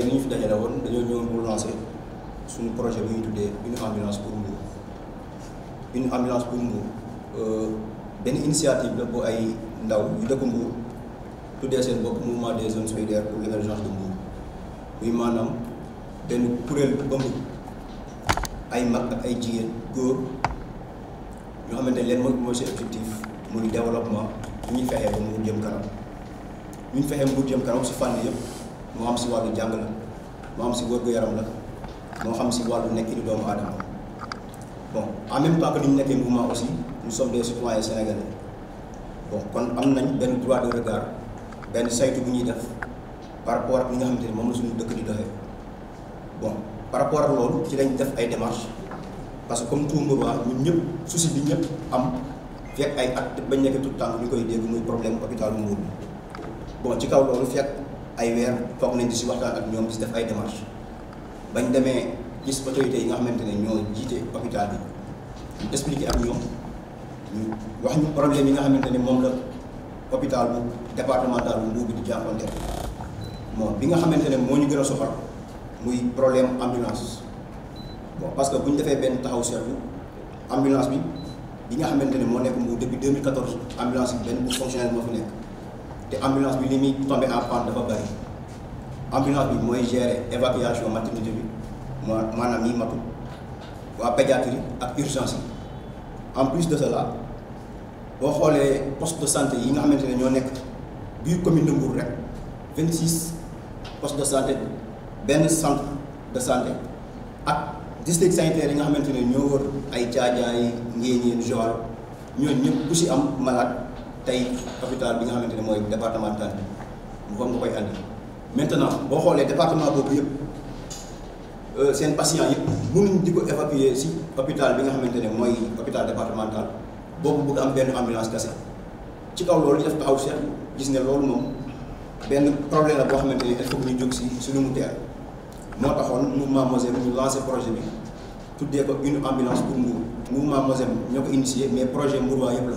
tey li ñu fi dajale woon dañoo ñëwoon pour lancer suñu projet bi ñuy tuddee une ambulance pour Mbour une ambulance pour Mbour euh, benn initiative la bu ay ndaw yu dëkk Mbour tuddee seen bopp mouvement des zones solidaires pour l'émergence bu mu muy maanaam benn kuréel bu ëmb ay mag ay jigéen góor ñoo xamante leen mooy mooy seen objectif muy développement ñu fexe ba mu jëm kanam ñu fexe mu jëm kanam si fànn yëpp. mo xam si walu jàng la moo xam si gu yaram la mo xam si wàllu nekkinu doomu aadama bon en même temps que ñu nekkee mouvement aussi nous sommes des citoyens sénégalais bon kon am nañ benn droit de regard benn saytu bu ñuy def par rapport ak li nga xamante ne moom la suñu dëkk di doxee bon par rapport ak loolu ci lañ def ay démarche parce que comme tout mouvement ñun ñëpp souci bi ñëpp am fekk ay at bañ nekk tout temps ñu koy dégg muy problème hôpital Mbour bon ci kaw loolu fekk ay weer toog nañ di si waxtaan ak ñoom di si def ay démarches bañ demee gis autorités yi nga xamante ne ñoo jiite hôpital bi ñu expliqué ak ñoom ñu wax ñu problème nga xamante ne moom la hôpital bu départemental bu Mbour bi di bi nga xamante ne moo ñu gën a soxal muy problème ambulance bon parce que bu ñu defee benn taxaw seetlu ambulance bi bi nga xamante ne moo nekk mu depuis 2014 ambulance bi benn bu fonctionnel moo fi nekk. et ambulance bi en panne dafa bari ambulance bi l'évacuation gérer évacuation maternité bi ma matu wa pédiatrie ak urgence en plus de cela bo xolé poste de santé yi nga xamantene ño commune de Mbour rek 26 de santé ben centre de santé ak district sanitaire nga xamantene ño ay ku ci am malade tey hôpital bi nga xamante ne mooy département Ndande moom nga koy andi maintenant boo xoolee département boobu yëpp euh, seen patient yëpp di ko évacuer si bi nga xamante ne mooy hôpital départemental boobu bëgg am benn ambulance kese ci kaw loolu ñu def taxaw seetlu gis ne loolu moom benn problème la boo xamante ne il faut ñu jóg si suñu mu teel moo taxoon mouvement Mosem ñu lancé projet bi tuddee ko une ambulance pour Mbour mouvement Mosem ñoo ko initié mais projet Mbour waa yëpp la.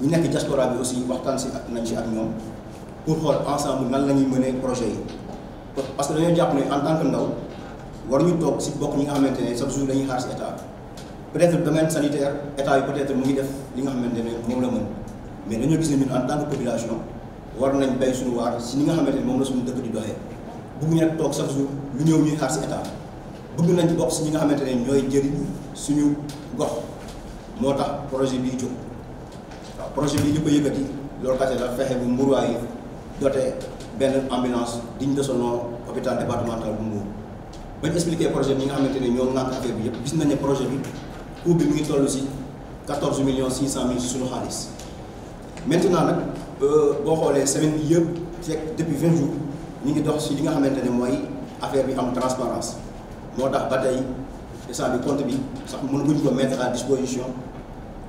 ñu nekk diaspora bi aussi waxtaan si ak nañ si ak ñoom pour xool ensemble nan la ñuy mënee projet yi parce que dañoo jàpp ne en tant que ndaw war ñu toog si bokk ñi nga xamante ne chaque jour dañuy xaar si état peut être domaine sanitaire état yi peut être mu ngi def li nga xamante ne moom la mën mais dañoo gis ne ñun en tant que population war nañ bay suñu waar si ni nga xamante ne moom la suñu dëkk di doxee bu ñu rek toog chaque jour lu ñëw ñuy xaar si état bëgg nañ ci bokk si ñi nga xamante ne ñooy jëriñ suñu gox moo tax projet bii jóg projet bi ñu ko yëkkati loolu kese la fexe bu mburuwaay doté benn ambulance digne de son nom hôpital départemental bu Mbour ba expliquer projet bi nga xamante ne ñoo ŋànk affaire bi yëpp gis nañ ne projet bi coût bi mu ngi toll si 14 millions 600 mille si suñu xaalis maintenant nag euh, boo xoolee semaine bi yëpp fekk depuis 20 jours ñu ngi dox si li nga xamante ne mooy affaire bi am transparence moo tax ba tey instant bi compte bi sax mënaguñ ko mettre à disposition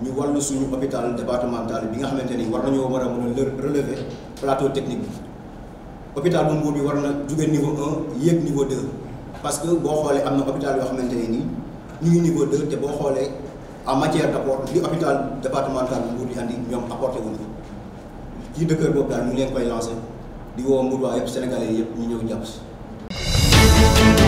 ñu wàllu suñu hôpital départemental bi nga xamante ni war nañoo war a mën a relever plateau technique bi hôpital bu Mbour bi war na jóge niveau un yéeg niveau deux parce que boo xoolee am na hôpital yoo xamante ne nii ñu ngi niveau deux te boo xoolee en matière d' apport li hôpital départemental bu Mbour di andi ñoom apporté wuñ ko kii dëkkër boobu daal ñu leen koy lancé di woo Mbour waa yëpp sénégalais yëpp ñu ñëw jàpp si.